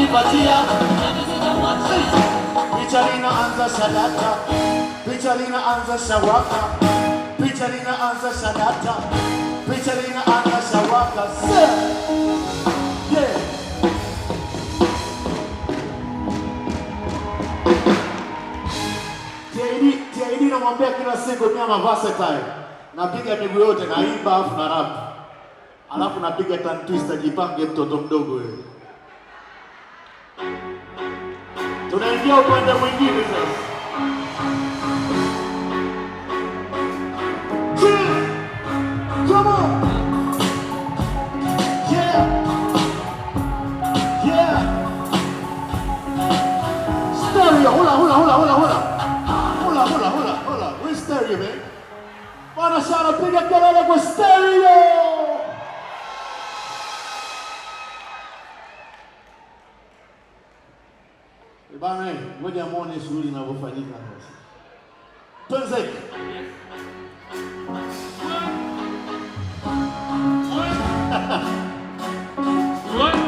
kunipatia picha linaanza shalata, picha linaanza shawaka, picha linaanza shalata, picha linaanza shawaka yeah. Tiaidi namwambia kila singo nyama versatile, napiga miguu yote, naimba afu na rap, alafu napiga tantwista, jipange mtoto mdogo wewe. kuelekea upande mwingine sasa. Bwana sana, piga kelele kwa stereo. Eh, bana, eh, ngoja muone shughuli inavyofanyika sasa. Twenzeke. Twende.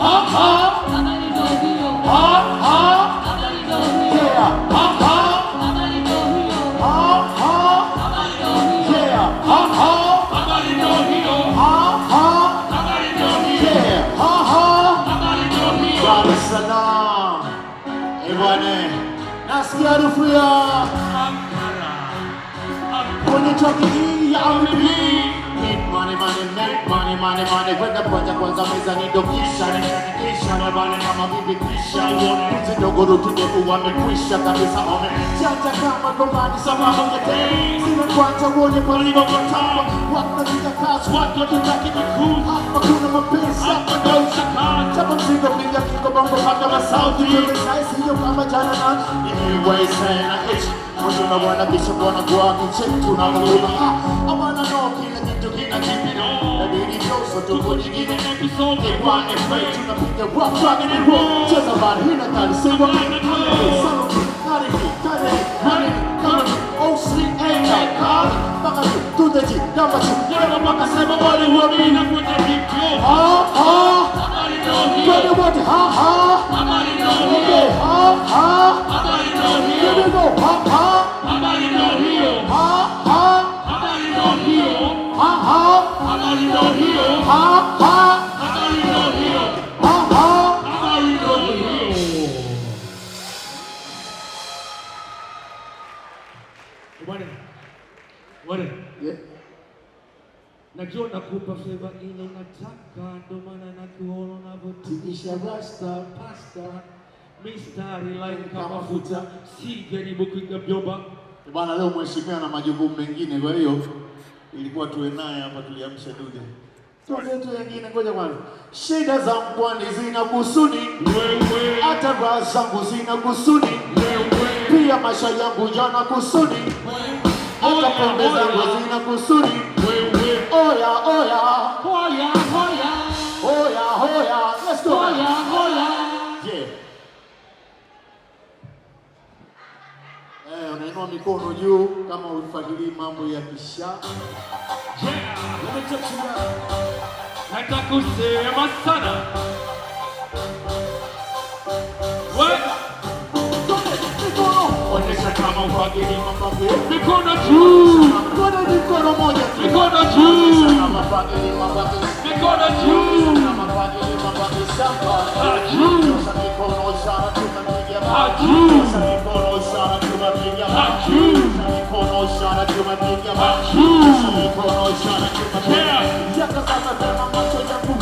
Ha Salaam. E eh, Bwana, nasikia harufu ya kwenye choki ya Amri. money, money, make money, money, money. When the project was a mess, I need education, education. Everybody, I'm a baby Christian. One reason to go to today for one big Christian. That is a homie. Jaja, come and provide some of the things. Even quite a world, you believe over time. What the thing that costs, what the thing that can be cool. I'm a cool, I'm a piss, I'm a ghost, I can't. Tell them, see the thing that can come up with my sound. You can say, see your mama, Jana, man. Anyway, saying I itch. I don't wanna be, so I'm gonna go out and check to now. I wanna know, Dugina keeping on, baby closer to what you get in every song They want and pray to the people that walk, driving and walk Just about here, I gotta say what I'm gonna do Son of a, not a kid, got it, not a kid, got it Oh, sleep, ain't like God Fuck you, do the G, number two You're the one that said my body will be enough with that deep kill Ha, ha Nobody know me You're the one, ha, ha Nobody know me Ha, ha Nobody know me Here we go, ha Bwana. Bwana. Yeah. Najua nakupa feva ile unataka, ndo maana nakuona unavyotikisha rasta pasta mistari line kama futa, si jaribu kuiga mjomba bwana. Leo mheshimiwa na majukumu mengine, kwa hiyo ilikuwa tuwe naye hapa, tuliamsha dude tuzetu yengine. Ngoja kwanza, shida za mkwani zina kusuni, hata baa zangu zina kusuni pia maisha yangu yana kusudi, hata pembe zangu zina kusudi. Oya oya oya oya oya, oya go oya oya. Eh, unainua mikono juu kama ulifadhili mambo ya kisha. Yeah, nataka kusema sana I'm a ni mkono moja, mikono juu, mikono juu, juu, juu, juu, juu, juu, juu,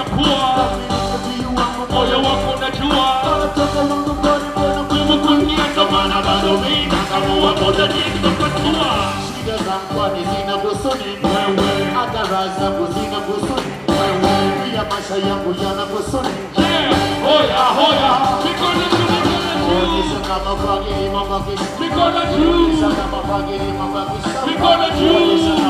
O poor. Oh, you walk on the tour. We will put me at the man about the way. That's how o want to take the tour. She does o want it in a bosonin. Otherwise, I'm bosonin a bosonin. We are Masha Yambuyana bosonin. Yeah, oh yeah, oh yeah. Because it's Because of you. Because of you.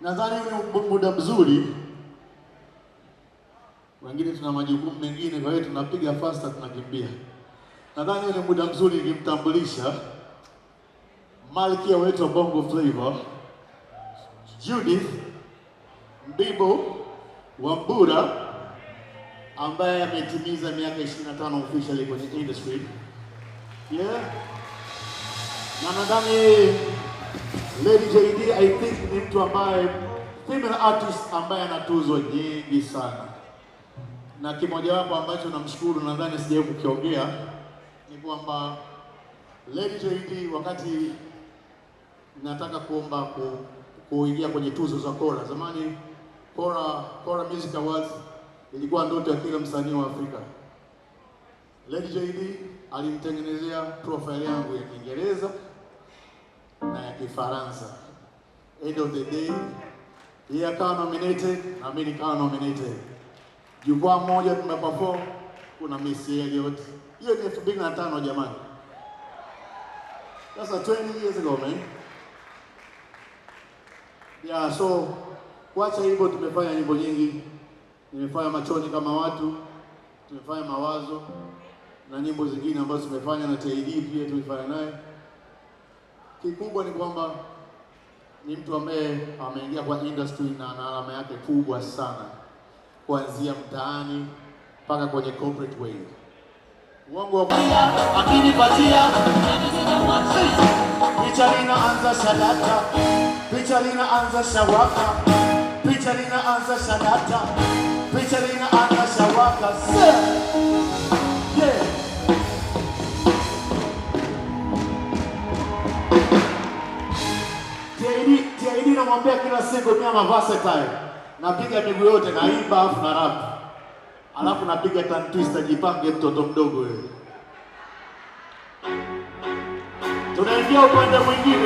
nadhani ni muda mzuri, wengine tuna majukumu mengine, kwa hiyo tunapiga fasta, tunakimbia. Nadhani ni muda mzuri nikimtambulisha malkia wetu wa Bongo Flava Judith Mbibo Wambura ambaye ametimiza miaka 25 officially kwenye industry yeah, na nadhani Lady JD I think ni mtu ambaye female artist ambaye ana tuzo nyingi sana, na kimojawapo ambacho namshukuru, nadhani sijawahi kukiongea, ni kwamba Lady JD wakati nataka kuomba ku, kuingia kwenye tuzo za Kora zamani, Kora Kora Music Awards ilikuwa ndoto ya kila msanii wa Afrika. Lady JD alinitengenezea profile yangu ya Kiingereza na ya Kifaransa. End of the day, yeye akawa nominated na mimi nikawa nominated. Jukwaa moja tumeperform, kuna Miss Elliot. Hiyo ni na tano jamani. That's a 20 years ago, man. Yeah, so kuacha hivyo, tumefanya nyimbo nyingi, nimefanya machoni kama watu, tumefanya mawazo na nyimbo zingine ambazo tumefanya na TID pia tumefanya naye. Kikubwa ni kwamba ni mtu ambaye ameingia kwa industry na ana alama yake kubwa sana, kuanzia mtaani mpaka kwenye corporate way. Uongo akinipatia picha linaanza shalata, picha linaanza shawaka, picha linaanza shalata, picha linaanza shawaka namwambia kila siku mimi ama versatile. Napiga miguu yote imba afu na rap. Alafu napiga tan twister jipange mtoto mdogo wewe. Tunaingia upande mwingine.